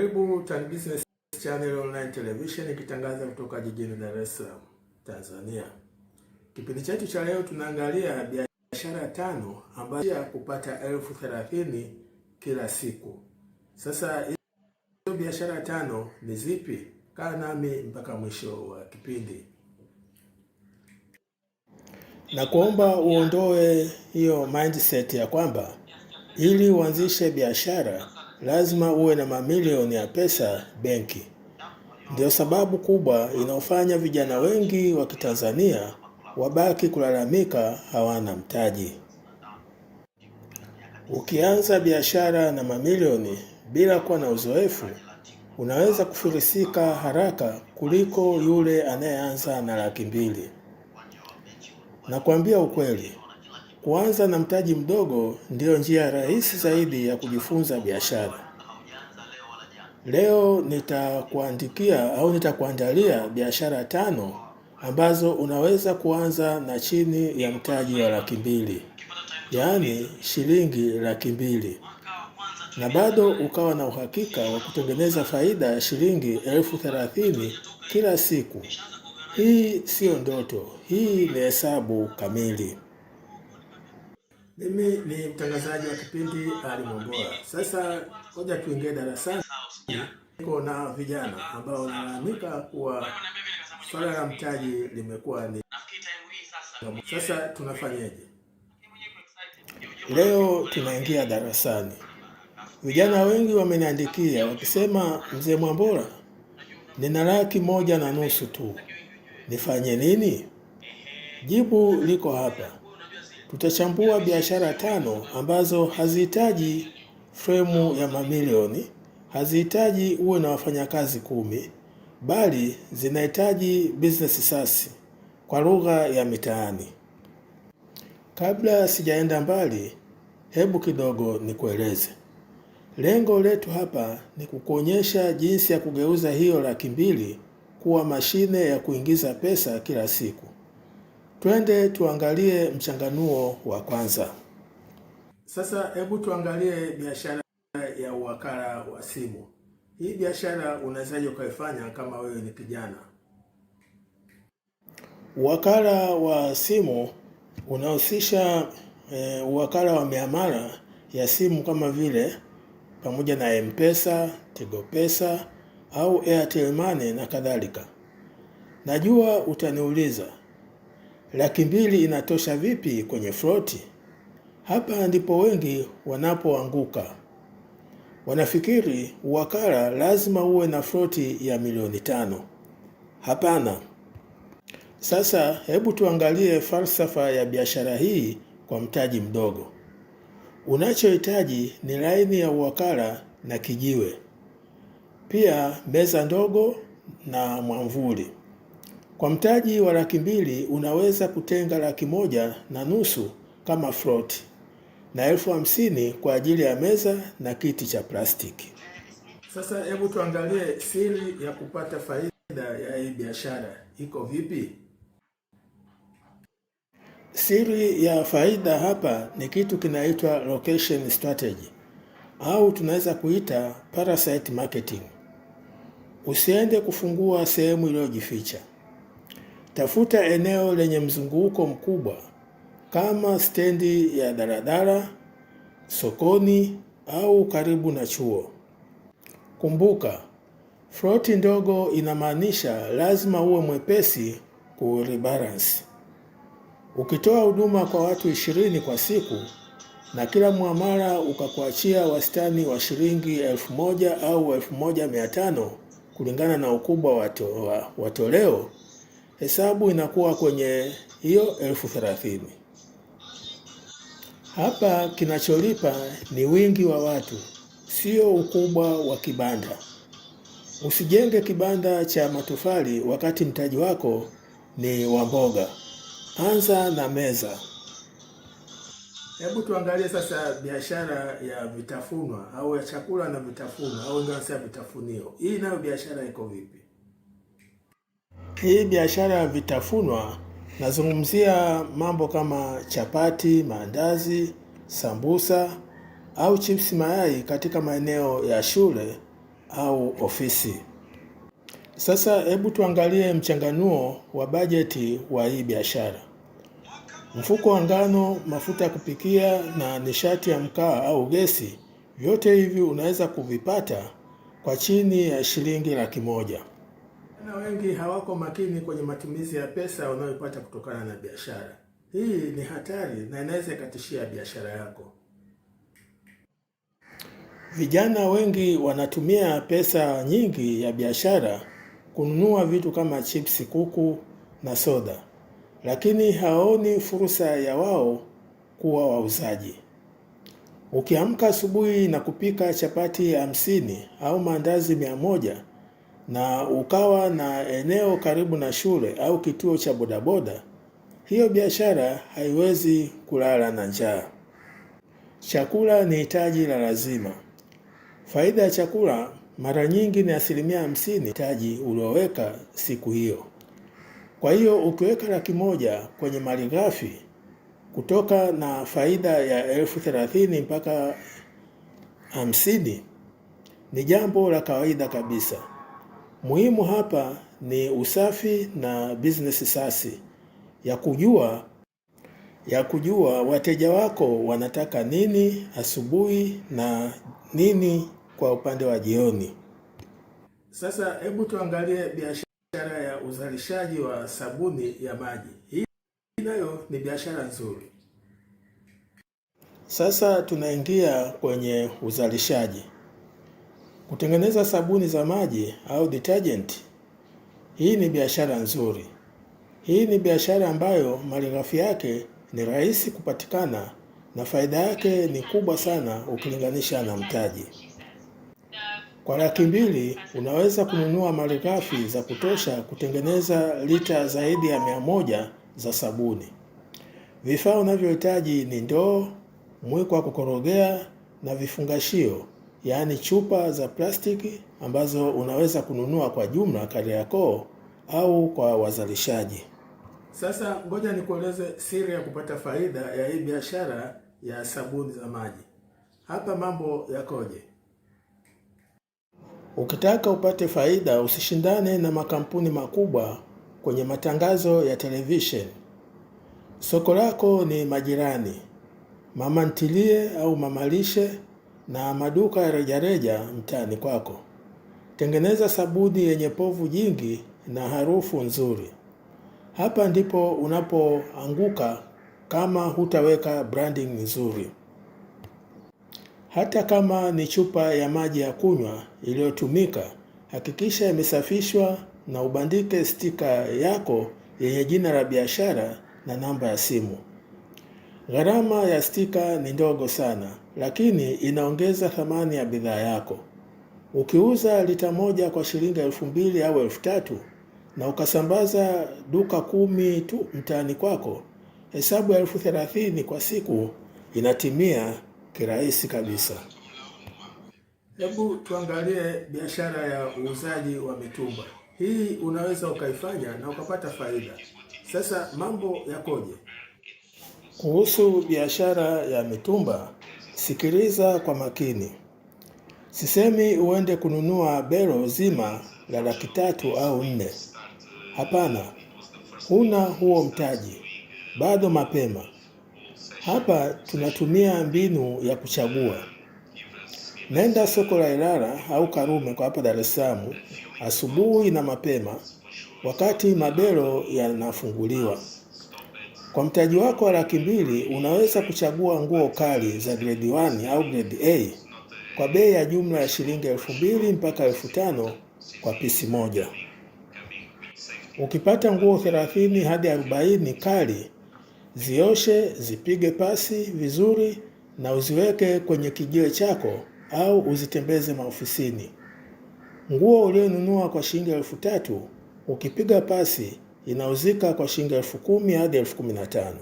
Karibu Tan Business Channel Online Television ikitangaza kutoka jijini Dar es Salaam, Tanzania. Kipindi chetu cha leo tunaangalia biashara tano ambazo ya kupata elfu thelathini kila siku. Sasa hizo biashara tano ni zipi? Kaa nami mpaka mwisho wa kipindi na kuomba uondoe hiyo mindset ya kwamba ili uanzishe biashara lazima uwe na mamilioni ya pesa benki. Ndiyo sababu kubwa inaofanya vijana wengi wa Kitanzania wabaki kulalamika hawana mtaji. Ukianza biashara na mamilioni bila kuwa na uzoefu, unaweza kufilisika haraka kuliko yule anayeanza na laki mbili. Nakwambia ukweli, Kuanza na mtaji mdogo ndiyo njia rahisi zaidi ya kujifunza biashara. Leo nitakuandikia au nitakuandalia biashara tano ambazo unaweza kuanza na chini ya mtaji wa laki mbili, yaani shilingi laki mbili, na bado ukawa na uhakika wa kutengeneza faida ya shilingi elfu thelathini kila siku. Hii siyo ndoto, hii ni hesabu kamili. Mimi ni mtangazaji wa kipindi Elimu Sasa ngoja tuingie darasani. Niko na vijana ambao wanalalamika kuwa swala la mtaji limekuwa ni sasa, tunafanyeje? Leo tunaingia darasani. Vijana wengi wameniandikia wakisema, mzee Mwambola, nina laki moja na nusu tu, nifanye nini? Jibu liko hapa. Tutachambua biashara tano ambazo hazihitaji fremu ya mamilioni, hazihitaji uwe na wafanyakazi kumi, bali zinahitaji business sasi kwa lugha ya mitaani. Kabla sijaenda mbali, hebu kidogo nikueleze lengo letu hapa ni kukuonyesha jinsi ya kugeuza hiyo laki mbili kuwa mashine ya kuingiza pesa kila siku. Twende tuangalie mchanganuo wa kwanza. Sasa hebu tuangalie biashara ya uwakala wa simu. Hii biashara unawezaje ukaifanya kama wewe ni kijana? Uwakala wa simu unahusisha e, eh, uwakala wa miamala ya simu kama vile pamoja na M-Pesa, Tigo Pesa au Airtel Money na kadhalika. Najua utaniuliza laki mbili inatosha vipi kwenye froti? Hapa ndipo wengi wanapoanguka. Wanafikiri uwakala lazima uwe na froti ya milioni tano. Hapana. Sasa hebu tuangalie falsafa ya biashara hii kwa mtaji mdogo. Unachohitaji ni laini ya uwakala na kijiwe, pia meza ndogo na mwamvuli. Kwa mtaji wa laki mbili unaweza kutenga laki moja na nusu kama float na elfu hamsini kwa ajili ya meza na kiti cha plastiki. Sasa hebu tuangalie siri ya kupata faida ya hii biashara iko vipi? Siri ya faida hapa ni kitu kinaitwa location strategy au tunaweza kuita parasite marketing. Usiende kufungua sehemu iliyojificha. Tafuta eneo lenye mzunguko mkubwa kama stendi ya daladala, sokoni au karibu na chuo. Kumbuka, froti ndogo inamaanisha lazima uwe mwepesi kurebalance. Ukitoa huduma kwa watu ishirini kwa siku na kila mwamara ukakuachia wastani wa shilingi elfu moja au elfu moja mia tano kulingana na ukubwa wa watoleo, hesabu inakuwa kwenye hiyo elfu thelathini. Hapa kinacholipa ni wingi wa watu, sio ukubwa wa kibanda. Usijenge kibanda cha matofali wakati mtaji wako ni wa mboga. Anza na meza. Hebu tuangalie sasa biashara ya vitafunwa au ya chakula na vitafunwa au ingawa si vitafunio. Hii nayo biashara iko vipi? Hii biashara ya vitafunwa, nazungumzia mambo kama chapati, maandazi, sambusa au chips mayai katika maeneo ya shule au ofisi. Sasa hebu tuangalie mchanganuo wa bajeti wa hii biashara. Mfuko wa ngano, mafuta ya kupikia na nishati ya mkaa au gesi, vyote hivi unaweza kuvipata kwa chini ya shilingi laki moja na wengi hawako makini kwenye matumizi ya pesa wanayopata kutokana na biashara. Hii ni hatari na inaweza ikatishia biashara yako. Vijana wengi wanatumia pesa nyingi ya biashara kununua vitu kama chipsi, kuku na soda, lakini hawaoni fursa ya wao kuwa wauzaji. Ukiamka asubuhi na kupika chapati hamsini au maandazi mia moja na ukawa na eneo karibu na shule au kituo cha bodaboda, hiyo biashara haiwezi kulala na njaa. Chakula ni hitaji la lazima. Faida ya chakula mara nyingi ni asilimia hamsini hitaji ulioweka siku hiyo. Kwa hiyo ukiweka laki moja kwenye malighafi kutoka na faida ya elfu thelathini mpaka hamsini ni jambo la kawaida kabisa. Muhimu hapa ni usafi na business sasi ya kujua ya kujua wateja wako wanataka nini asubuhi na nini kwa upande wa jioni. Sasa hebu tuangalie biashara ya uzalishaji wa sabuni ya maji. Hii nayo ni biashara nzuri. Sasa tunaingia kwenye uzalishaji. Kutengeneza sabuni za maji au detergent, hii ni biashara nzuri. Hii ni biashara ambayo malighafi yake ni rahisi kupatikana na faida yake ni kubwa sana ukilinganisha na mtaji. Kwa laki mbili unaweza kununua malighafi za kutosha kutengeneza lita zaidi ya mia moja za sabuni. Vifaa unavyohitaji ni ndoo, mwiko wa kukorogea na vifungashio yaani chupa za plastiki ambazo unaweza kununua kwa jumla Kariakoo au kwa wazalishaji. Sasa ngoja nikueleze siri ya kupata faida ya hii biashara ya sabuni za maji. Hapa mambo yakoje? Ukitaka upate faida, usishindane na makampuni makubwa kwenye matangazo ya televisheni. Soko lako ni majirani, mama ntilie au mamalishe na maduka ya rejareja mtaani kwako. Tengeneza sabuni yenye povu jingi na harufu nzuri. Hapa ndipo unapoanguka kama hutaweka branding nzuri. Hata kama ni chupa ya maji ya kunywa iliyotumika, hakikisha imesafishwa na ubandike stika yako yenye jina la biashara na namba ya simu. Gharama ya stika ni ndogo sana, lakini inaongeza thamani ya bidhaa yako. Ukiuza lita moja kwa shilingi elfu mbili au elfu tatu na ukasambaza duka kumi tu mtaani kwako, hesabu ya elfu thelathini kwa siku inatimia kirahisi kabisa. Hebu tuangalie biashara ya uuzaji wa mitumba. Hii unaweza ukaifanya na ukapata faida. Sasa mambo yakoje? Kuhusu biashara ya mitumba, sikiliza kwa makini. Sisemi uende kununua bero zima la laki tatu au nne. Hapana, huna huo mtaji bado, mapema. Hapa tunatumia mbinu ya kuchagua. Nenda soko la Ilala au Karume kwa hapa Dar es Salaam asubuhi na mapema, wakati mabero yanafunguliwa. Kwa mtaji wako wa laki mbili unaweza kuchagua nguo kali za grade 1 au grade A kwa bei ya jumla ya shilingi elfu mbili mpaka elfu tano kwa pisi moja. Ukipata nguo 30 hadi 40 kali, zioshe, zipige pasi vizuri na uziweke kwenye kijiwe chako au uzitembeze maofisini. Nguo ulionunua kwa shilingi elfu tatu ukipiga pasi inauzika kwa shilingi elfu kumi hadi elfu kumi na tano.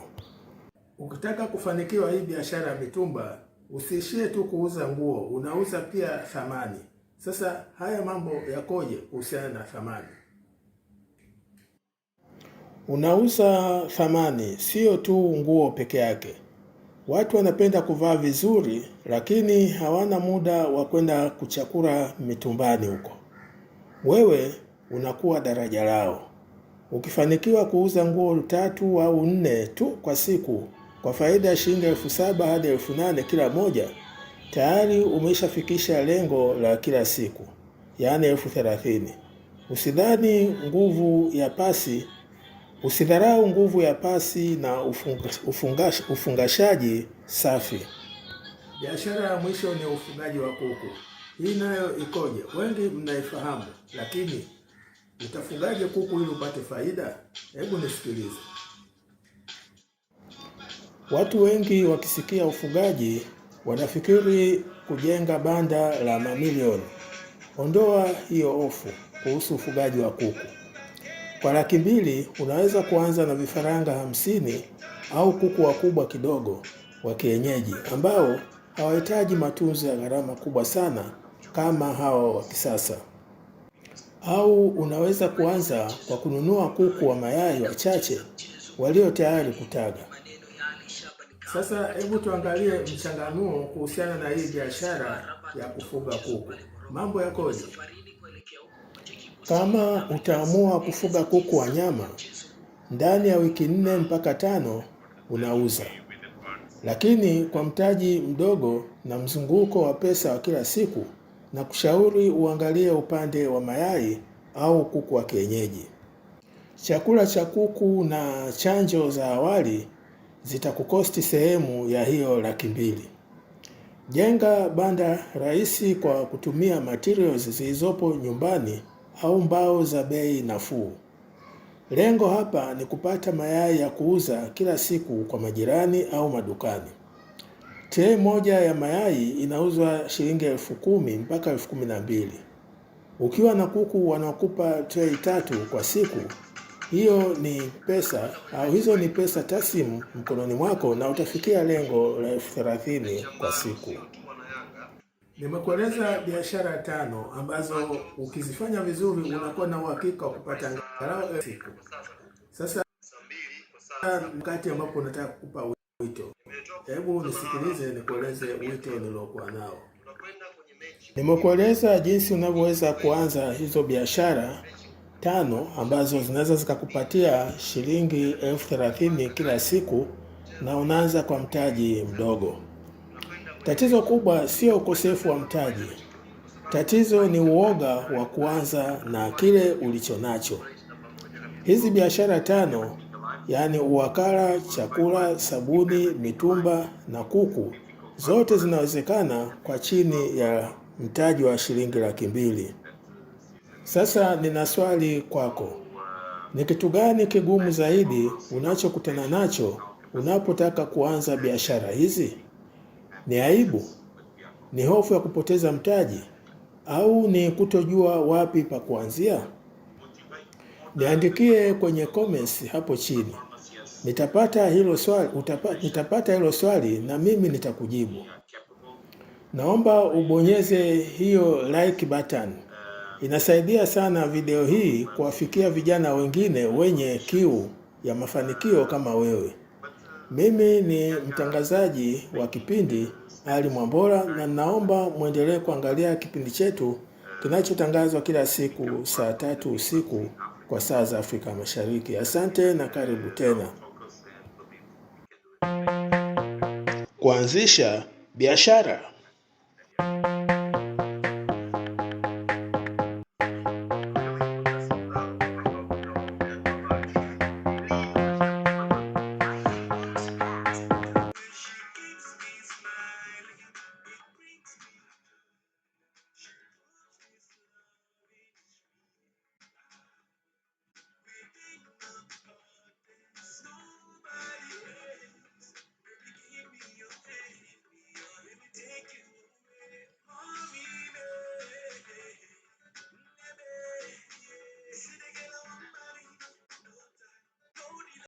Ukitaka kufanikiwa hii biashara ya mitumba, usiishie tu kuuza nguo, unauza pia thamani. Sasa haya mambo yakoje kuhusiana na thamani? Unauza thamani, sio tu nguo peke yake. Watu wanapenda kuvaa vizuri, lakini hawana muda wa kwenda kuchakura mitumbani huko. Wewe unakuwa daraja lao. Ukifanikiwa kuuza nguo tatu au nne tu kwa siku kwa faida ya shilingi elfu saba hadi elfu nane kila moja, tayari umeshafikisha lengo la kila siku, yaani elfu thelathini. Usidhani nguvu ya pasi, usidharau nguvu ya pasi na ufungash, ufungash, ufungashaji safi. Biashara ya mwisho ni ufugaji wa kuku. Hii nayo ikoje? Wengi mnaifahamu, lakini Utafugaje kuku ili upate faida? Hebu nisikilize. Watu wengi wakisikia ufugaji wanafikiri kujenga banda la mamilioni. Ondoa hiyo hofu kuhusu ufugaji wa kuku. Kwa laki mbili unaweza kuanza na vifaranga hamsini au kuku wakubwa kidogo wa kienyeji ambao hawahitaji matunzo ya gharama kubwa sana kama hao wa kisasa au unaweza kuanza kwa kununua kuku wa mayai wachache walio tayari kutaga. Sasa hebu tuangalie mchanganuo kuhusiana na hii biashara ya kufuga kuku, mambo yakoje? Kama utaamua kufuga kuku wa nyama, ndani ya wiki nne mpaka tano unauza, lakini kwa mtaji mdogo na mzunguko wa pesa wa kila siku na kushauri uangalie upande wa mayai au kuku wa kienyeji. Chakula cha kuku na chanjo za awali zitakukosti sehemu ya hiyo laki mbili. Jenga banda rahisi kwa kutumia materials zilizopo nyumbani au mbao za bei nafuu. Lengo hapa ni kupata mayai ya kuuza kila siku kwa majirani au madukani. Trei moja ya mayai inauzwa shilingi elfu kumi mpaka elfu kumi na mbili. Ukiwa na kuku wanakupa trei tatu kwa siku, hiyo ni pesa au hizo ni pesa tasimu mkononi mwako, na utafikia lengo la elfu thelathini kwa siku. Nimekueleza biashara tano ambazo ukizifanya vizuri unakuwa na uhakika wa kupata angalau siku. Sasa wakati ambapo unataka kukupa Wito. Hebu nisikilize nikueleze wito niliokuwa nao. Nimekueleza jinsi unavyoweza kuanza hizo biashara tano ambazo zinaweza zikakupatia shilingi elfu thelathini kila siku na unaanza kwa mtaji mdogo. Tatizo kubwa sio ukosefu wa mtaji. Tatizo ni uoga wa kuanza na kile ulichonacho. Hizi biashara tano yaani uwakala, chakula, sabuni, mitumba na kuku, zote zinawezekana kwa chini ya mtaji wa shilingi laki mbili. Sasa nina swali kwako, ni kitu gani kigumu zaidi unachokutana nacho unapotaka kuanza biashara hizi? Ni aibu? Ni hofu ya kupoteza mtaji? Au ni kutojua wapi pa kuanzia? Niandikie kwenye comments hapo chini, nitapata hilo swali, utapata, nitapata hilo swali na mimi nitakujibu. Naomba ubonyeze hiyo like button, inasaidia sana video hii kuwafikia vijana wengine wenye kiu ya mafanikio kama wewe. Mimi ni mtangazaji wa kipindi Ali Mwambola, na naomba mwendelee kuangalia kipindi chetu kinachotangazwa kila siku saa tatu usiku kwa saa za Afrika Mashariki. Asante na karibu tena. Kuanzisha biashara.